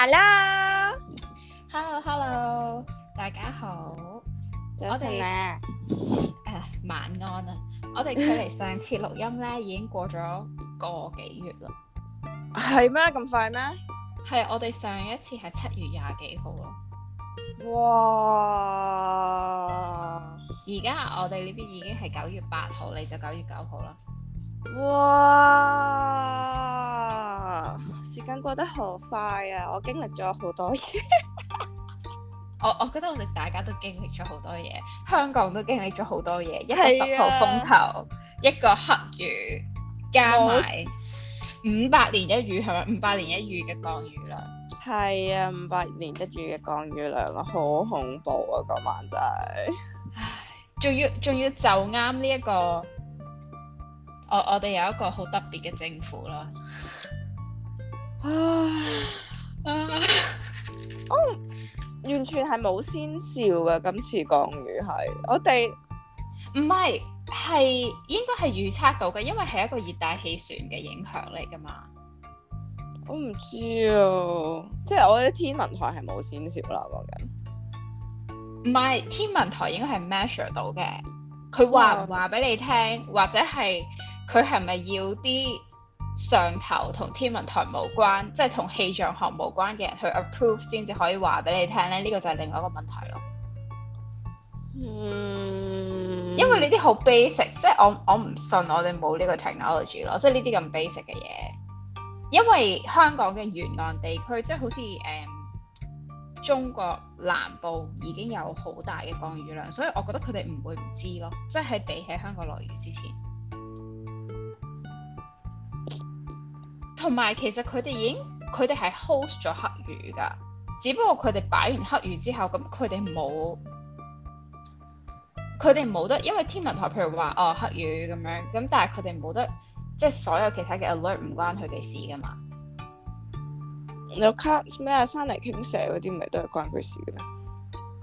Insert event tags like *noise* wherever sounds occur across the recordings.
hello hello hello，大家好，我哋誒、呃、晚安啊，我哋距離上次錄音咧已經過咗個幾月咯，係咩咁快咩？係我哋上一次係七月廿幾號咯，哇！而家我哋呢邊已經係九月八號，你就九月九號啦，哇！過得好快啊！我經歷咗好多嘢 *laughs* 我我覺得我哋大家都經歷咗好多嘢，香港都經歷咗好多嘢，啊、一個十號風球，一個黑雨，加埋五百年一遇係咪？五百年一遇嘅降雨量係啊，五百年一遇嘅降雨量咯，好恐怖啊！嗰晚就係，唉 *laughs* ，仲要仲要就啱呢一個，我我哋有一個好特別嘅政府咯。啊啊！唉 *laughs* 我完全係冇先兆嘅。今次降雨係我哋唔係，係應該係預測到嘅，因為係一個熱帶氣旋嘅影響嚟噶嘛。我唔知啊，即係我覺得天文台係冇先兆啦，我講緊唔係天文台應該係 measure 到嘅，佢話唔話俾你聽，哇或者係佢係咪要啲？上頭同天文台無關，即係同氣象學無關嘅人去 approve 先至可以話俾你聽咧，呢、呢個就係另外一個問題咯。嗯，因為呢啲好 basic，即係我我唔信我哋冇呢個 technology 咯，即係呢啲咁 basic 嘅嘢。因為香港嘅沿岸地區，即係好似誒、嗯、中國南部已經有好大嘅降雨量，所以我覺得佢哋唔會唔知咯。即係比起香港落雨之前。同埋其實佢哋已經，佢哋係 host 咗黑雨噶，只不過佢哋擺完黑雨之後，咁佢哋冇，佢哋冇得，因為天文台譬如話哦黑雨咁樣，咁但係佢哋冇得，即係所有其他嘅 alert 唔關佢哋事噶嘛。你有卡咩啊？山泥傾瀉嗰啲咪都係關佢事嘅咩？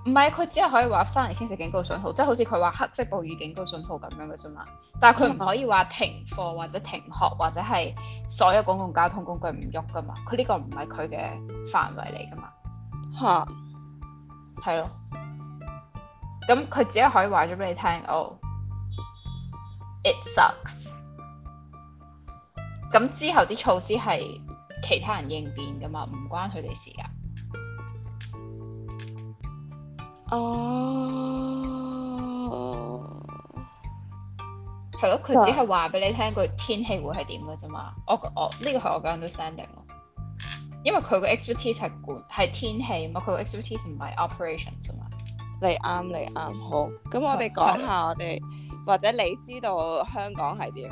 唔係，佢只係可以話生嚟傾食警告信號，即係好似佢話黑色暴雨警告信號咁樣嘅啫嘛。但係佢唔可以話停課或者停學或者係所有公共交通工具唔喐噶嘛。佢呢個唔係佢嘅範圍嚟噶嘛。吓？係咯。咁佢只係可以話咗俾你聽。哦，it sucks。咁之後啲措施係其他人應變噶嘛，唔關佢哋事噶。哦，係咯，佢只係話俾你聽個天氣會係點嘅啫嘛。我我呢個係我嘅 u n d e n d 定 n 咯，因為佢個 expertise 係管係天氣嘛，佢個 expertise 唔係 operation 啫嘛。你啱，你啱，好。咁我哋講下我哋， 或者你知道香港係點，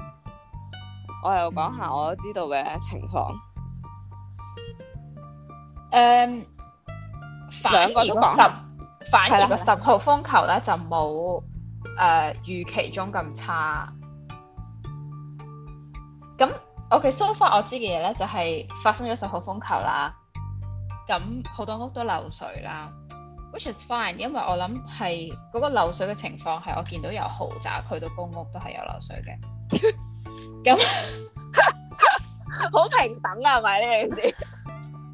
我又講下我知道嘅情況。誒、嗯，兩個都講。反而個十號風球咧就冇誒、呃、預期中咁差。咁 okay so far 我知嘅嘢咧就係、是、發生咗十號風球啦。咁好多屋都漏水啦，which is fine，因為我諗係嗰個漏水嘅情況係我見到由豪宅區到公屋都係有漏水嘅。咁好平等啊，係咪呢件事？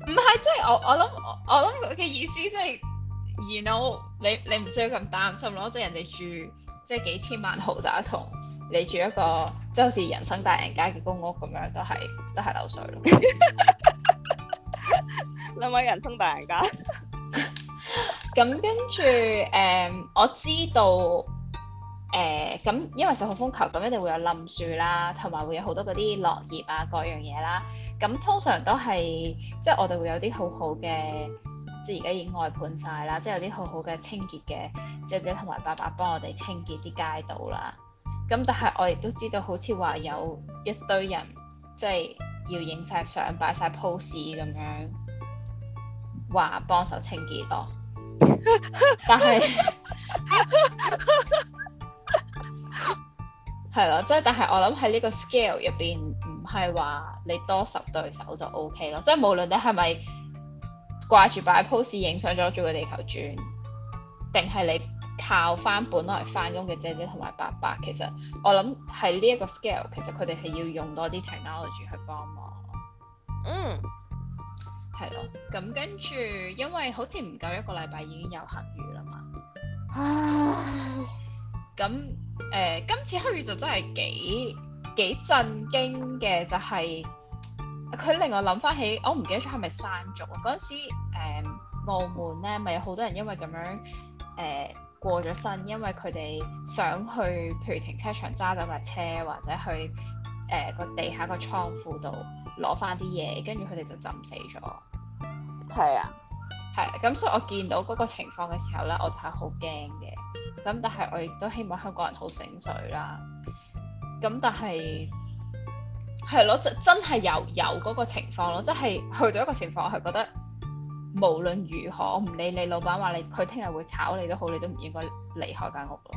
唔係， *laughs* *laughs* 即、就、係、是、我我諗我諗佢嘅意思即、就、係、是。而我 you know，你你唔需要咁擔心咯，哦，即係人哋住即係幾千萬豪宅同你住一個即係好似人生大人家嘅公屋咁樣，都係都係流水咯。 *laughs* *laughs* 兩位人生大人家。咁跟住誒，我知道誒，咁、呃、因為十號風球，咁一定會有冧樹啦，同埋會有好多嗰啲落葉啊，各樣嘢啦。咁通常都係即係我哋會有啲好好嘅。即係而家已經外判晒啦，即係有啲好好嘅清潔嘅姐姐同埋爸爸幫我哋清潔啲街道啦。咁但係我亦都知道，好似話有一堆人即係、就是、要影晒相、擺晒 pose 咁樣，話幫手清潔咯。 *laughs* 但係係咯，即係但係我諗喺呢個 scale 入邊，唔係話你多十對手就 OK 咯。即係無論你係咪。掛住擺 pose 影相咗住個地球轉，定係你靠翻本攞嚟翻工嘅姐姐同埋爸爸？其實我諗係呢一個 scale，其實佢哋係要用多啲 technology 去幫忙。嗯，係咯。咁跟住，因為好似唔夠一個禮拜已經有黑雨啦嘛。啊，咁誒、呃，今次黑雨就真係幾幾震驚嘅，就係、是。佢令我諗翻起，我、哦、唔記得咗係咪山族竹。啊？嗰陣時，澳門咧，咪有好多人因為咁樣誒、呃、過咗身，因為佢哋想去譬如停車場揸走架車，或者去誒個、呃、地下個倉庫度攞翻啲嘢，跟住佢哋就浸死咗。係啊，係咁，所以我見到嗰個情況嘅時候咧，我就係好驚嘅。咁但係我亦都希望香港人好醒水啦。咁但係。係咯，真真係有有嗰個情況咯，即係去到一個情況，我係覺得無論如何，我唔理你老闆話你佢聽日會炒你都好，你都唔應該離開間屋咯。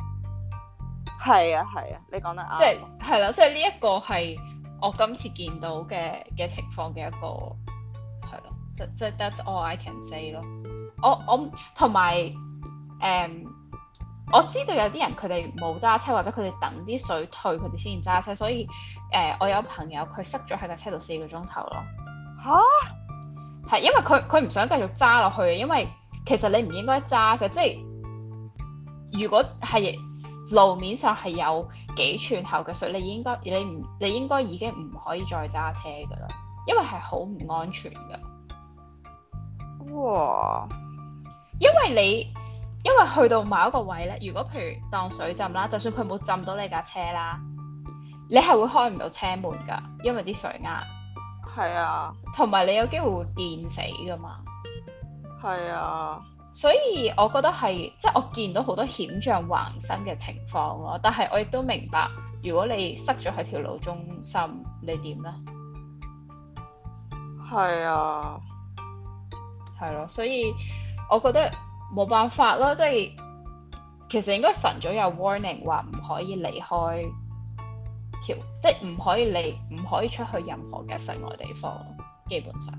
係啊，係啊，你講得啱。即係係啦，即係呢一個係我今次見到嘅嘅情況嘅一個係咯，即即係 That's all I can say 咯。我我同埋誒。我知道有啲人佢哋冇揸車，或者佢哋等啲水退，佢哋先揸車。所以誒、呃，我有朋友佢塞咗喺架車度四個鐘頭咯。嚇蛤！係因為佢佢唔想繼續揸落去，因為其實你唔應該揸嘅。即係如果係路面上係有幾寸厚嘅水，你應該你唔你應該已經唔可以再揸車嘅啦，因為係好唔安全嘅。哇！因為你。因為去到某一個位咧，如果譬如當水浸啦，就算佢冇浸到你架車啦，你係會開唔到車門噶，因為啲水壓。係啊，同埋你有機會會電死噶嘛。係啊，所以我覺得係，即係我見到好多險象橫生嘅情況咯。但係我亦都明白，如果你塞咗喺條路中心，你點咧？係啊，係咯，所以我覺得。冇辦法啦，即係其實應該晨早有 warning 話唔可以離開條，即係唔可以離唔可以出去任何嘅室外地方，基本上。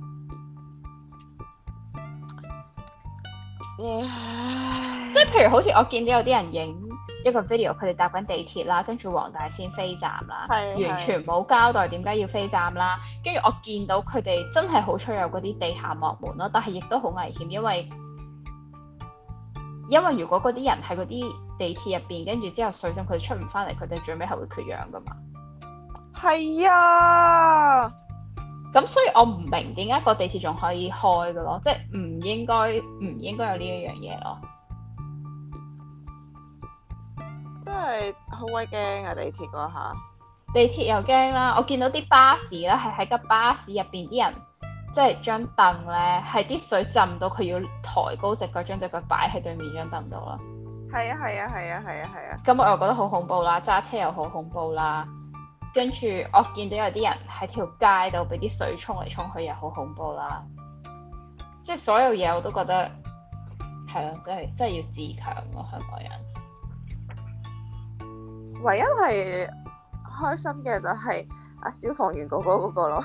*laughs* 即係譬如好似我見到有啲人影一個 video，佢哋搭緊地鐵啦，跟住黃大仙飛站啦， *laughs* 完全冇交代點解要飛站啦。跟住 *laughs* 我見到佢哋真係好出入嗰啲地下幕門咯，但係亦都好危險，因為。因為如果嗰啲人喺嗰啲地鐵入邊，跟住之後水浸佢出唔翻嚟，佢哋最尾係會缺氧噶嘛。係啊呀，咁所以我唔明點解個地鐵仲可以開㗎咯，即係唔應該唔應該有呢一樣嘢咯。真係好鬼驚啊，地鐵嗰下。地鐵又驚啦，我見到啲巴士咧係喺個巴士入邊啲人。即係張凳咧，係啲水浸到佢要抬高隻腳，將隻腳擺喺對面張凳度咯。係啊，係 *noise* 啊樂，係啊，係 *noise* 啊樂，係啊！咁我又覺得好恐怖啦，揸車又好恐怖啦，跟住我見到有啲人喺條街度俾啲水沖嚟沖去又好恐怖啦。即係所有嘢我都覺得係咯，真係真係要自強咯，香港人。唯一係開心嘅就係阿消防員哥哥嗰個咯。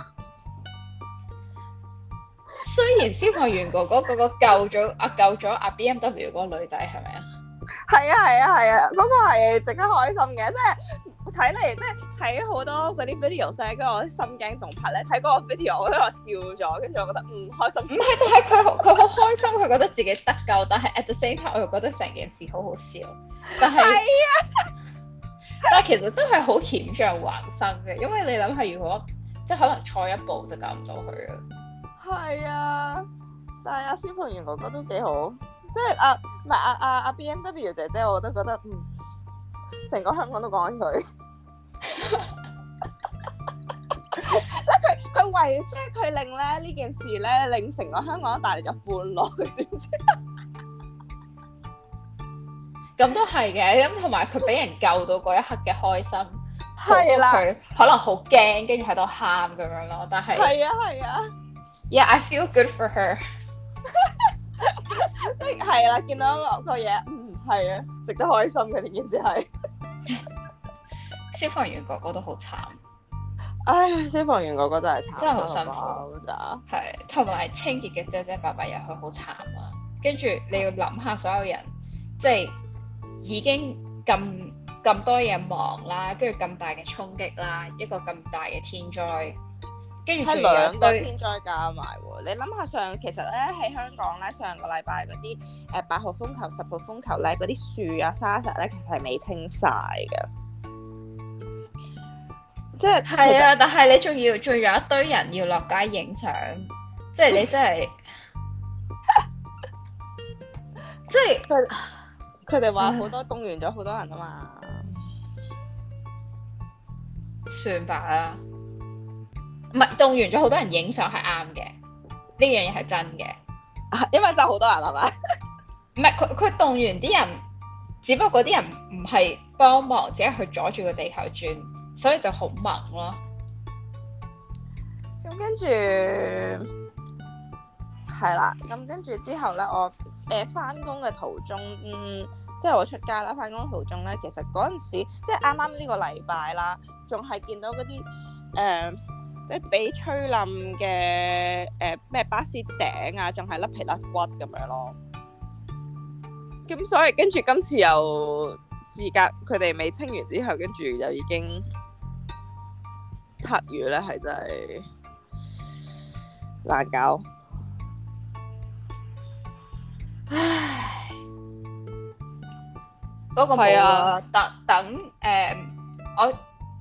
雖然消防員哥哥嗰個救咗啊 *laughs* 救咗阿 BMW 嗰個女仔係咪啊？係啊係啊係啊！嗰個係值得開心嘅，即係睇嚟即係睇好多嗰啲 video 先、啊，跟住我心驚動魄咧。睇嗰個 video，我咧我笑咗，跟住我覺得唔開心。唔係，但係佢佢好開心，佢覺得自己得救。但係 at the same time，我又覺得成件事好好笑。但係 *laughs* 是啊！ *laughs* 但係其實都係好險象環生嘅，因為你諗下，如果即係可能錯一步就救唔到佢啊！係啊，但係阿消防員哥哥都幾好，即係阿唔係阿阿阿 B M W 姐姐，我都覺得嗯，成個香港都講緊佢， *laughs* *laughs* 即係佢佢為即佢令咧呢件事咧令成個香港大熱咗半耐，知唔知？咁都係嘅，咁同埋佢俾人救到嗰一刻嘅開心，好過佢可能好驚，跟住喺度喊咁樣咯。但係，係啊，係啊。Yeah, I feel good for her *laughs* 就是。即係啦，見到個嘢，嗯，係啊，值得開心嘅呢件事係。 *laughs* 消防員哥哥都好慘。唉，消防員哥哥真係慘，真係好辛苦，真係慘。係，同埋清潔嘅姐姐爸爸又佢好慘啊！跟住你要諗下所有人，即係已經咁咁多嘢忙啦，跟住咁大嘅衝擊啦，一個咁大嘅天災。跟住兩堆天災加埋喎，你諗下上其實咧，喺香港咧，上個禮拜嗰啲誒八號風球十號風球咧，嗰啲樹啊沙石咧，其實係未清晒嘅，即係係啊！實但係你仲要仲有一堆人要落街影相， *laughs* 即係你真係， *laughs* *laughs* 即係佢哋話好多動、嗯、員咗好多人啊嘛，算吧啦～唔係動員咗好多人影相係啱嘅，呢樣嘢係真嘅、啊，因為真好多人係嘛？唔係佢佢動員啲人，只不過啲人唔係幫忙，只係去阻住個地球轉，所以就好猛咯。咁、嗯、跟住係啦，咁跟住之後咧，我誒翻工嘅途中，嗯，即、就、係、是、我出街啦，翻工途中咧，其實嗰陣時即係啱啱呢個禮拜啦，仲係見到嗰啲誒。呃即係俾吹冧嘅誒咩巴士頂啊，仲係甩皮甩骨咁樣咯。咁所以跟住今次又事隔佢哋未清完之後，跟住就已經黑雨咧，係真係難搞。唉，不過冇啊。等等誒，我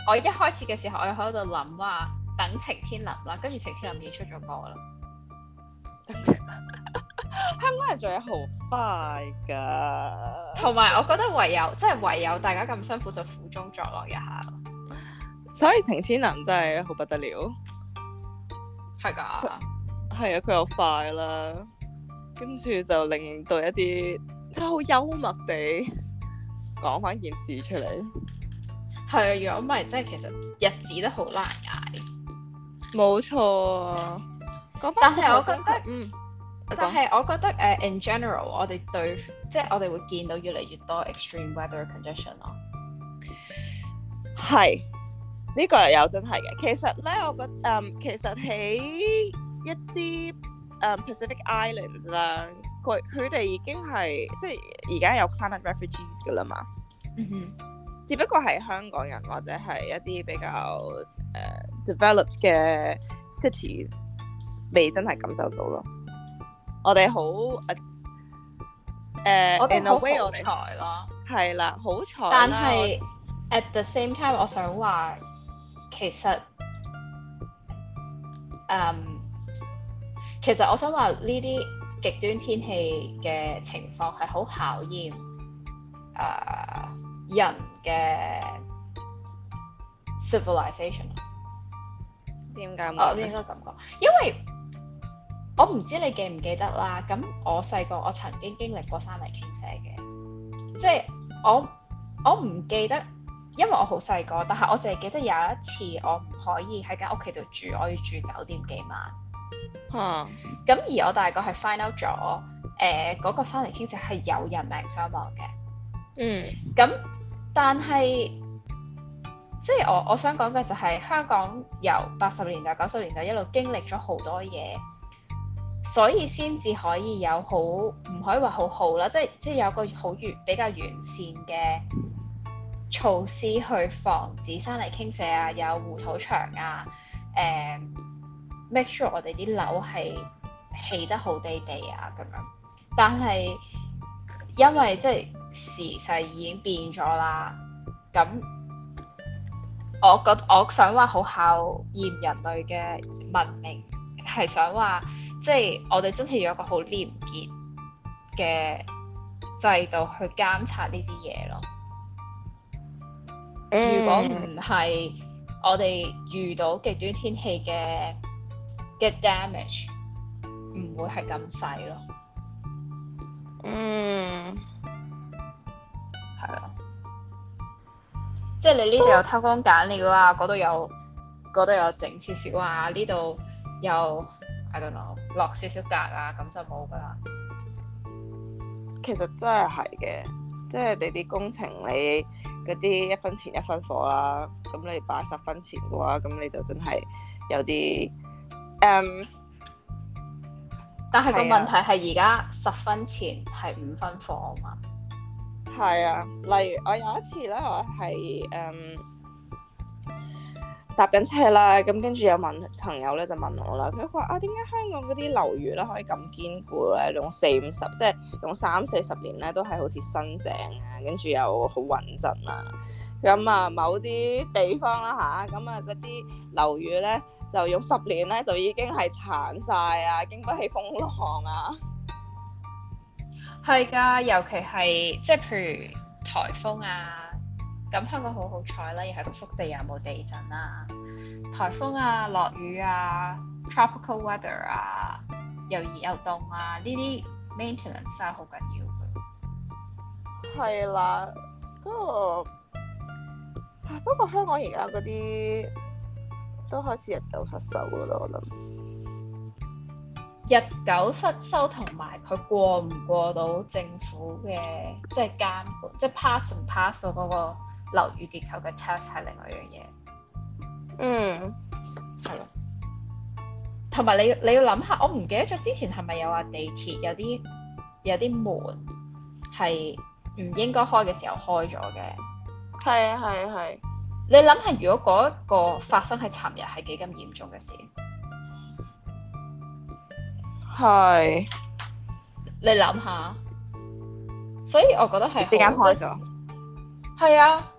我一開始嘅時候，我喺度諗話。等晴天林啦，跟住晴天林已經出咗歌啦。香港人做嘢好快噶，同埋我覺得唯有即係唯有大家咁辛苦，就苦中作樂一下。所以晴天林真係好不得了，係㗎的，係啊，佢又快啦，跟住就令到一啲真係好幽默地講翻件事出嚟。係啊，如果唔係，即係其實日子都好難捱。冇錯，但係我覺得，嗯，但係我覺得，誒，in general，我哋對，即係我哋會見到越嚟越多 extreme weather condition 咯。係，呢個又有真係嘅。其實咧，我覺得，嗯，其實喺一啲誒 Pacific Islands 啦，佢佢哋已經係即係而家有 climate refugees 噶啦嘛。Mm hmm. 只不過係香港人或者係一啲比較，誒、uh, developed 嘅 cities 未真係感受到咯，我哋好誒，uh, 我哋好有才咯，係啦，好彩，但係是我 at the same time，我想話其實誒，um, 其實我想話呢啲極端天氣嘅情況係好考驗誒、uh, 人嘅。Civilization，點解我應該咁講，因為我唔知你記唔記得啦。咁我細個我曾經經歷過山泥傾瀉嘅，即係我我唔記得，因為我好細個。但係我淨係記得有一次我唔可以喺間屋企度住，我要住酒店幾晚。咁 Huh. 而我大個係 find out 咗，誒嗰個山泥傾瀉係有人命傷亡嘅。嗯。咁，但係。即係我我想講嘅就係香港由八十年代、九十年代一路經歷咗好多嘢，所以先至可以有好，唔可以話好好啦，即係即係有個好完比較完善嘅措施去防止山泥傾瀉啊，有護土牆啊，誒，make sure 我哋啲樓係起得好地地啊咁樣，但係因為即係時勢已經變咗啦，咁。我覺得我想話好考驗人類嘅文明，係想話即係我哋真係有一個好廉潔嘅制度去監察呢啲嘢咯。嗯，如果唔係，我哋遇到極端天氣嘅嘅 damage 唔會係咁細咯。嗯，係啊。即係你呢度有偷工減料、嗯、啊，嗰度有嗰度有整少少啊，呢度又唔知點講，落少少格啊，咁就冇噶啦。其實真係係嘅，即係你啲工程你嗰啲一分錢一分貨啦、啊，咁你擺十分錢嘅話，咁你就真係有啲，嗯、um，但係個問題係而家十分錢係五分貨啊嘛。係啊，例如我有一次咧，我係誒、嗯、搭緊車啦，咁跟住有問朋友咧就問我啦，佢話啊點解香港嗰啲樓宇咧可以咁堅固咧，用四五十即係用三四十年咧都係好似新淨啊，跟住又好穩陣啊，咁、嗯、啊某啲地方啦、啊、吓，咁啊嗰啲樓宇咧就用十年咧就已經係殘晒啊，經不起風浪啊。係㗎，尤其係即係譬如颱風啊，咁香港好好彩啦，又係個福地又冇地震啊，颱風啊、落雨啊、tropical weather 啊，又熱又凍啊，呢啲 maintenance 係好緊要㗎。係啦，不過、啊，不過香港而家嗰啲都開始逐啲失守㗎喇，我諗。日久失修同埋佢過唔過到政府嘅即係監管， *noise* 即係 pass 唔 pass 到嗰個樓宇結構嘅 test 係另外一樣嘢。嗯，係咯。同埋你你要諗下，我唔記得咗之前係咪有話地鐵有啲有啲門係唔應該開嘅時候開咗嘅。係啊係啊係。你諗下，如果嗰一個發生喺尋日係幾咁嚴重嘅事？係，是你諗下，所以我覺得係點解開咗？係啊，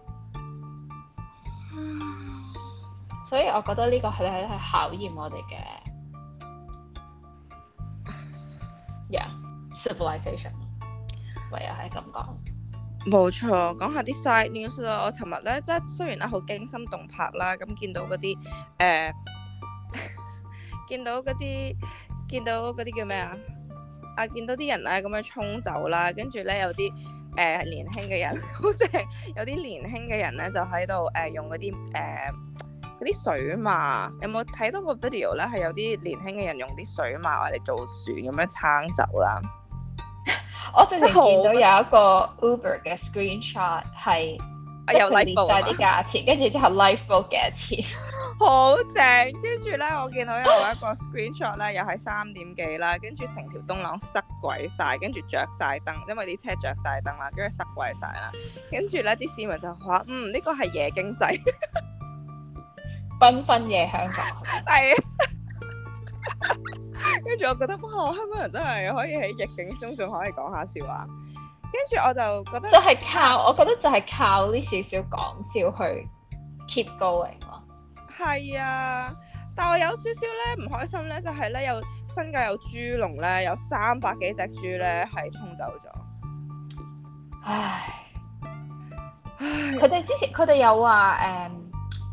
所以我覺得呢個係咧係考驗我哋嘅。 *laughs* Yeah，civilization， *laughs* 唯有係咁講。冇錯，講下啲 side news 啦。我尋日咧，即係雖然咧好驚心動魄啦，咁見到嗰啲誒，呃、 *laughs* 見到嗰啲。見到嗰啲叫咩啊？啊，見到啲人咧咁樣沖走啦，跟住咧有啲誒、呃、年輕嘅人，好係有啲年輕嘅人咧就喺度誒用嗰啲誒啲水馬。有冇睇到個 video 咧？係有啲年輕嘅人用啲水馬嚟做船咁樣撐走啦。我淨係見到有一個 Uber 嘅 Screenshot 係有 live book 啊！啲價錢，跟住之後 live book 嘅一次。好正，跟住咧，我見到有一個 Screenshot 咧，又係三點幾啦，跟住成條東廊塞鬼晒，跟住着晒燈，因為啲車着晒燈啦，跟住塞鬼晒啦，跟住咧啲市民就話：嗯，呢個係夜經濟，繽 *laughs* 紛夜香港。係 *laughs* 對，跟 *laughs* 住我覺得，哇！香港人真係可以喺逆境中仲可以講下笑話。跟住我就覺得，就係靠，我覺得就係靠呢少少講笑去 keep going。係啊，但係我有少少咧唔開心咧，就係咧有新界有豬籠咧，有三百幾隻豬咧係沖走咗，唉，唉，佢哋之前佢哋有話誒，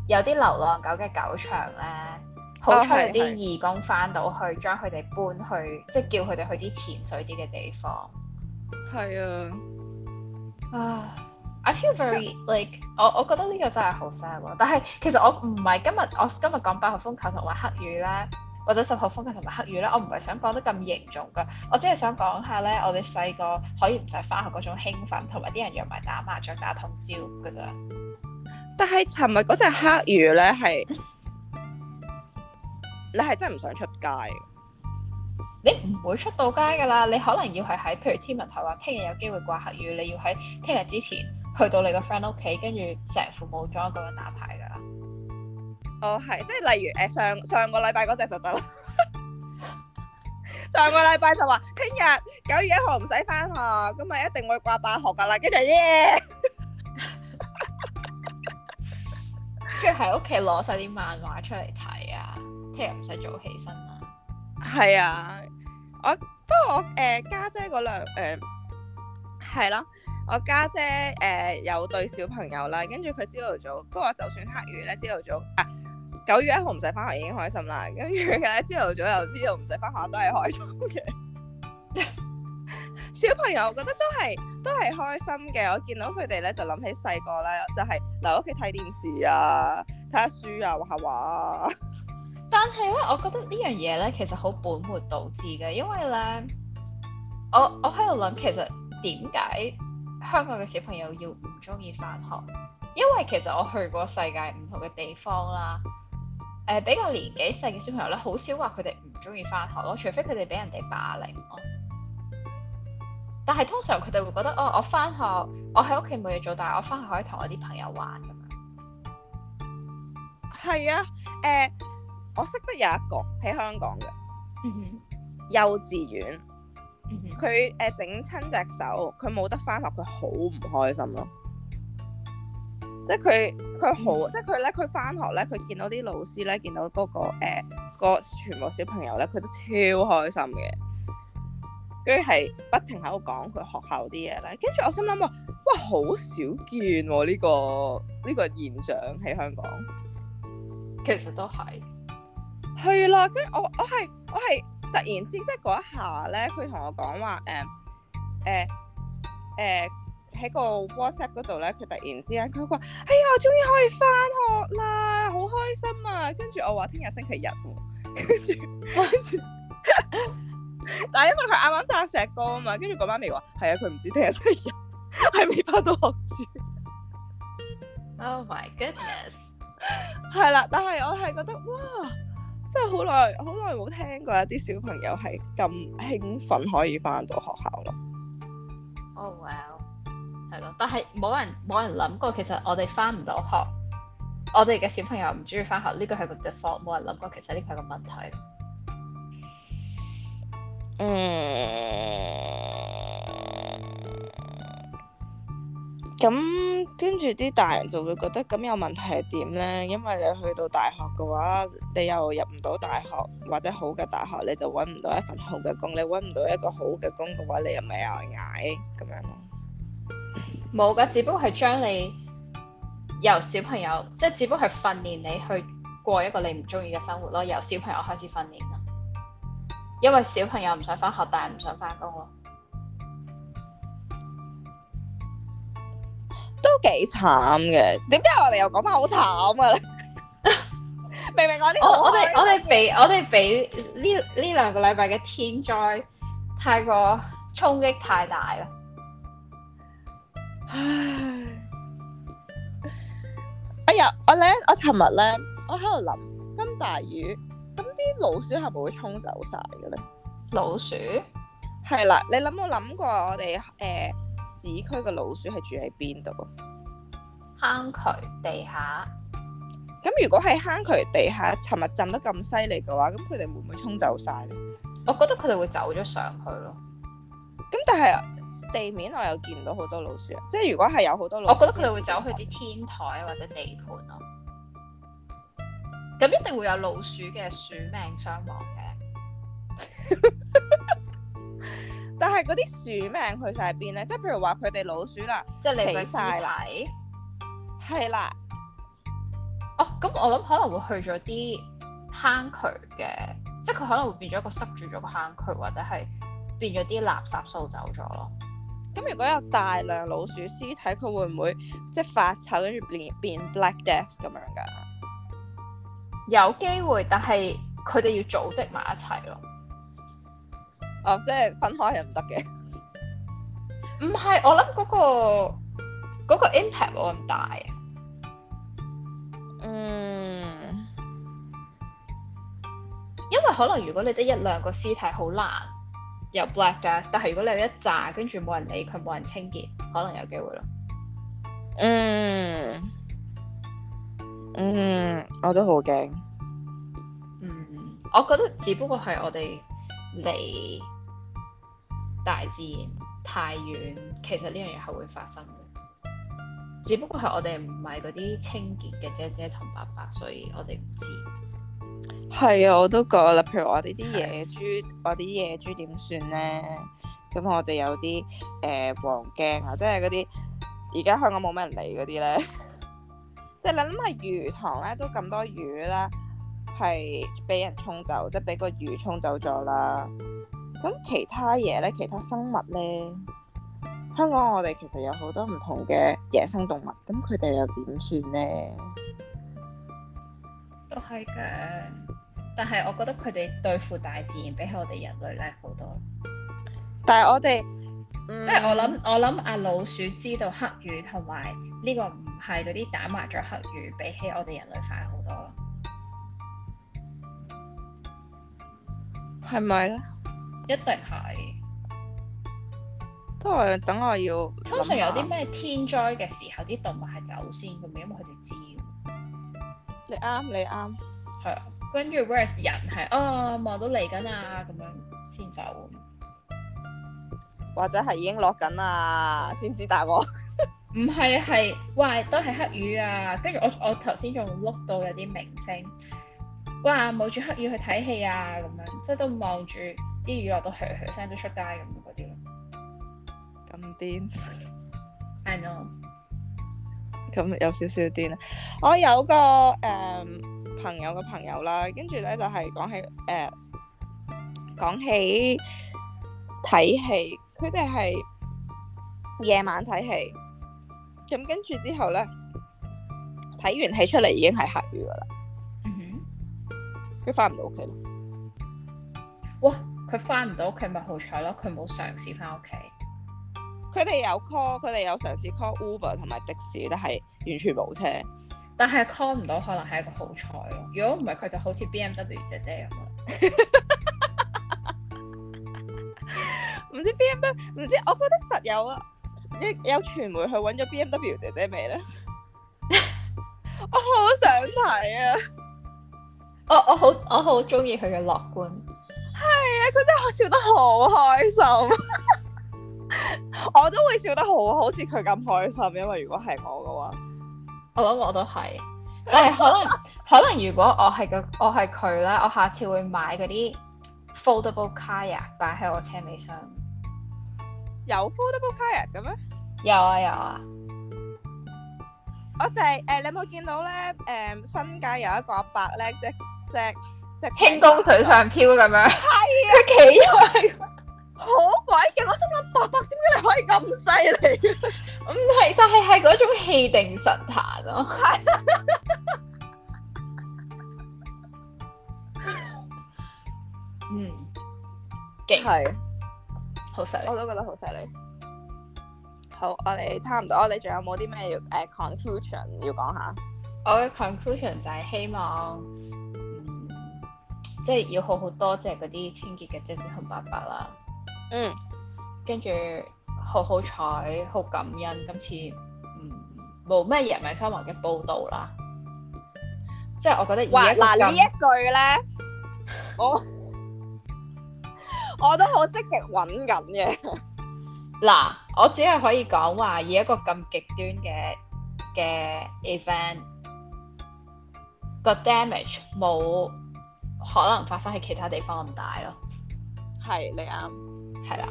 有啲流浪狗嘅狗場咧，啊、好彩有啲義工翻到去將佢哋搬去，即係叫佢哋去啲潛水啲嘅地方，係啊，啊。I feel very like、嗯、我我覺得呢個真係好 sad 喎。但係其實我唔係今日我今日講八號風球同埋黑雨啦，或者十號風球同埋黑雨啦。我唔係想講得咁嚴重㗎。我只係想講下咧，我哋細個可以唔使返學嗰種興奮，同埋啲人約埋打麻雀打通宵㗎咋。但係尋日嗰隻黑雨咧係 *laughs* 你係真係唔想出街，你唔會出到街㗎啦。你可能要係喺譬如天文台話聽日有機會掛黑雨，你要喺聽日之前，去到你個 friend 屋企，跟住成副冇裝咁樣打牌噶啦。哦，係，即係例如誒上上個禮拜嗰隻就得啦。上個禮拜就話聽日九月一號唔使翻學，咁咪一定會掛八學噶啦，跟住耶！跟住喺屋企攞晒啲漫畫出嚟睇啊，聽日唔使早起身啦。係啊，我不過我誒家姐嗰兩誒係囉。我家姐誒、呃、有對小朋友啦，跟住佢朝頭早，不過就算黑雨咧，朝頭早啊九月一號唔使返學已經開心啦。跟住佢咧，朝頭早又知道唔使返學都係開心嘅 *laughs* 小朋友，我覺得都係都係開心嘅。我見到佢哋咧，就諗起細個咧，就係留屋企睇電視啊，睇下書啊，畫下畫。但係咧，我覺得呢樣嘢咧，其實好本末倒置嘅，因為咧，我我喺度諗，其實點解？香港嘅小朋友要唔中意返學，因為其實我去過世界唔同嘅地方啦。誒、呃，比較年紀細嘅小朋友咧，好少話佢哋唔中意返學咯，除非佢哋俾人哋霸凌咯。但係通常佢哋會覺得，哦，我返學，我喺屋企冇嘢做，但係我返學可以同我啲朋友玩咁樣。係啊，誒、呃，我識得有一個喺香港嘅幼稚園。佢、誒整親隻手，佢冇得翻學，佢好唔開心咯。即係佢、佢好，嗯、即係佢咧，佢翻學咧，佢見到啲老師咧，見到嗰個誒、呃、個全部小朋友咧，佢都超開心嘅。跟住係不停喺度講佢學校啲嘢咧。跟住我心諗話，哇，好少見喎、啊、呢、呢個呢、呢個現象喺香港。其實都係，係啦。跟住我、我係我係。突然之即嗰一下咧，佢同我講話，誒、嗯，誒、嗯，誒、嗯，喺、嗯嗯嗯嗯嗯、個 WhatsApp 嗰度咧，佢突然之間佢話，哎呀，我終於可以翻學啦，好開心啊！跟住我話聽日，啊剛剛媽媽哎、星期日，跟住跟住，但係因為佢啱啱炸石膏啊嘛，跟住嗰媽咪話，係啊，佢唔知聽日星期日，係未翻到學住。Oh my goodness！係啦， *laughs* 但係我係覺得，哇！真係好耐，好耐冇聽過有啲小朋友係咁興奮可以翻到學校咯。哦，well，係咯，但係冇人冇人諗過，其實我哋翻唔到學，我哋嘅小朋友唔中意翻學，呢個係個 default，冇人諗過其實呢個係個問題。Mm hmm. 咁跟住啲大人就會覺得咁有問題係點呢？因為你去到大學嘅話，你又入唔到大學或者好嘅大學，你就揾唔到一份好嘅工。你揾唔到一個好嘅工嘅話，你又咪又捱咁樣咯。冇㗎，只不過係將你由小朋友，即係只不過係訓練你去過一個你唔中意嘅生活咯。由小朋友開始訓練咯，因為小朋友唔想返學，但係唔想返工咯。幾慘嘅，點解我哋又講翻好慘啊咧？ *laughs* 明明我呢？我哋我哋俾我哋俾呢呢兩個禮拜嘅天災太過衝擊太大啦。唉，哎呀，我咧我尋日咧，我喺度諗，咁大雨，咁啲老鼠係咪會沖走晒嘅咧？老鼠係啦，你諗冇諗過我哋誒？呃市區嘅老鼠係住喺邊度？坑渠，坑渠地下。咁如果係坑渠地下，尋日浸得咁犀利嘅話，咁佢哋會唔會沖走晒？我覺得佢哋會走咗上去咯。咁但係地面我又見唔到好多，多老鼠，即係如果係有好多老鼠，我覺得佢哋會走去啲天台或者地盤咯。咁 *laughs* 一定會有老鼠嘅鼠命傷亡嘅。 *laughs* 但係嗰啲鼠命去曬邊咧？即係譬如話佢哋老鼠啦，即係你死曬了啦，係啦。哦，咁我諗可能會去咗啲坑渠嘅，即係佢可能會變咗一個塞住咗個坑渠，或者係變咗啲垃圾掃走咗咯。咁、嗯、如果有大量老鼠屍體，佢會唔會即係發臭，跟住變變 Black Death 咁樣噶？有機會，但係佢哋要組織埋一齊咯。哦，oh, 即係分開係唔得嘅，唔 *laughs* 係我諗嗰、嗰個嗰、嗰個 impact 冇咁大。嗯，因為可能如果你得一兩個屍體好難，有 black death 但係如果你有一紮，跟住冇人理佢，冇人清潔，可能有機會咯。嗯嗯，我都好驚。嗯，我覺得只不過係我哋。離大自然太遠，其實呢樣嘢係會發生嘅，只不過係我哋唔係嗰啲清潔嘅姐姐同爸爸，所以我哋唔知。係啊，我都覺啦。譬如我哋啲野豬，我哋啲的野豬點算咧？咁我哋有啲誒、呃、黃鏡啊，即係嗰啲而家香港冇乜人嚟嗰啲咧， *laughs* 即係諗下魚塘咧都咁多魚啦。係俾人沖走，即係俾個雨沖走咗啦。咁其他嘢咧，其他生物咧，香港我哋其實有好多唔同嘅野生動物。咁佢哋又點算咧？都係嘅，但係我覺得佢哋對付大自然比起我哋人類叻好多。但係我哋，即係、嗯、我諗，我諗阿老鼠知道黑雨，同埋呢個唔係嗰啲打麻雀黑雨，比起我哋人類快好多咯。係咪咧？是是一定係。都係等我要想想。通常有啲咩天災嘅時候，啲動物係走先咁咩？佢哋知你。你啱，你啱。係、哦、 *laughs* 啊，跟住 vers 人係啊，望到嚟緊啊，咁樣先走。或者係已經落緊啊，先知大鑊。唔係，係喂，都係黑雨啊！跟住我，我頭先仲 look 到有啲明星。哇！冒住黑雨去睇戲啊，咁樣即係都望住啲雨落到響響聲都出街咁嗰啲咯。咁癲係咯，咁有少少癲啦。我有個誒、呃、朋友嘅朋友啦，跟住咧就係、是、講起誒講、呃、起睇戲，佢哋係夜晚睇戲，咁跟住之後咧睇完戲出嚟已經係黑雨噶啦。佢翻唔到屋企咯？了了哇！佢翻唔到屋企咪好彩咯！佢冇嘗試翻屋企。佢哋有 call，佢哋有嘗試 call Uber 同埋的士，但係完全冇車。但係 call 唔到，可能係一個好彩咯。如果唔係，佢就好似 BMW 姐姐咁樣。唔 *laughs* *laughs* 知 BMW 唔知？我覺得實有啊！有傳媒去搵咗 BMW 姐姐未咧？ *laughs* 我好想睇啊！我我好我好中意佢嘅樂觀。係啊，佢真係笑得好開心。 *laughs* 我都會笑得好好似佢咁開心，因為如果係我嘅話，我諗我都係。但係可能 *laughs* 可能如果我係個我係佢咧，我下次會買嗰啲 foldable kayak 啊，擺喺我車尾箱。有 foldable kayak 咁咩、啊？有啊有啊。我就係誒，你有冇見到咧？誒、呃、新界有一個阿伯咧，即只隻輕功水上漂咁樣，係啊，佢企喎，好鬼勁！我心諗八百點解可以咁犀利？唔係， *laughs* 但係係嗰種氣定神閒咯、啊。係， *laughs* *laughs* 嗯，勁係，好犀利，我都覺得好犀利。好，我哋差唔多，我哋仲有冇啲咩要誒、uh, conclusion 要講下？我嘅 conclusion 就係希望。即係要好好多謝嗰啲清潔嘅姐姐同伯伯啦。嗯。跟住好好彩，好感恩今次，嗯，冇咩野味新聞嘅報導啦。即係我覺得以一個咁，哇嗱呢一句咧，我 *laughs* 我都好積極揾緊嘅。嗱，我只係可以講話，以一個咁極端嘅嘅 event 個 damage 冇。可能發生喺其他地方咁大咯，係你啱，係啦。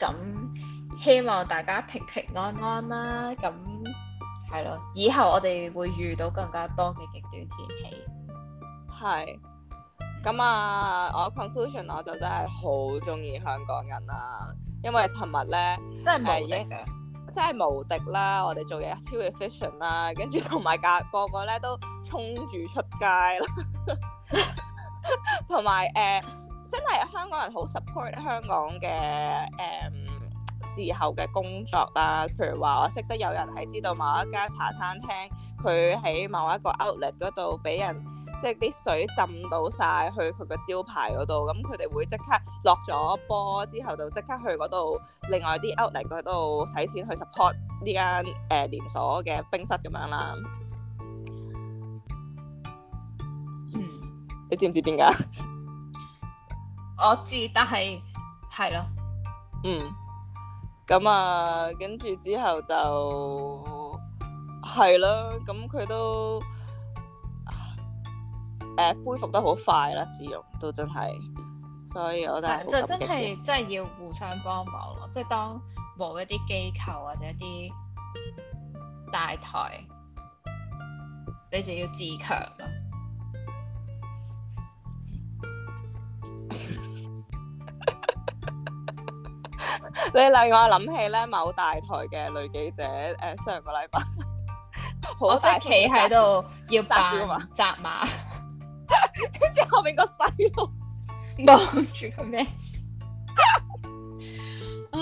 咁希望大家平平安安啦。咁係咯，以後我哋會遇到更加多嘅極端天氣。係。咁啊，我 conclusion 我就真係好鍾意香港人啦，因為尋日咧，即係唔係真係無敵啦！我哋做嘢超 efficient 啦，跟住同埋個個咧都衝住出街啦，同埋誒真係香港人好 support 香港嘅誒時候嘅工作啦。譬如話，我識得有人係知道某一間茶餐廳，佢喺某一個 outlet 嗰度俾人。即係啲水浸到晒去佢個招牌嗰度，咁佢哋會即刻落咗波之後，就即刻去嗰度，另外啲 outlet 嗰度使錢去 support 呢間誒、呃、連鎖嘅冰室咁樣啦。嗯，你知唔知邊間？ *laughs* 我知，但係係咯。嗯。咁啊，跟住之後就係咯，咁佢都。誒、呃、恢復得好快啦！使用都真係，所以我都係就真係真係要互相幫忙咯、啊，即係當無一啲機構或者啲大台，你就要自強啦。 *laughs* *laughs* *laughs* 你令我我諗起咧，某大台嘅女記者誒、呃，上個禮拜， *laughs* 我即係企喺度要爆，扎馬招。 *laughs* 跟住後邊個細路望住佢。咩？ *laughs* 唉，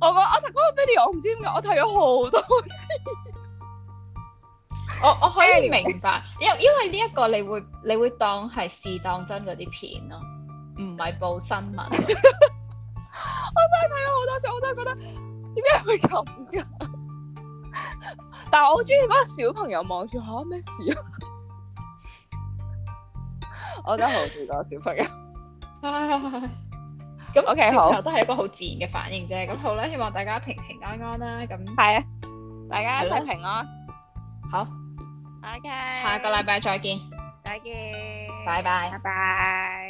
我個我叔嗰個 video，我唔知點解，我睇咗好多次。我我可以明白，因 *laughs* 因為呢一個，你會 *laughs* 你會當係試當真嗰啲片咯，唔係報新聞。 *laughs* *laughs* 我真係睇咗好多次，我真係覺得點解會咁噶？ *laughs* 但係我好中意嗰個小朋友望住吓咩事啊！ *laughs* 我都好住個小朋友，咁 OK 好都係一個好自然嘅反應啫。咁好啦，希望大家平平安安啦。咁係啊，大家一齊平安。好，OK，下個禮拜再見。再見，拜拜，拜拜。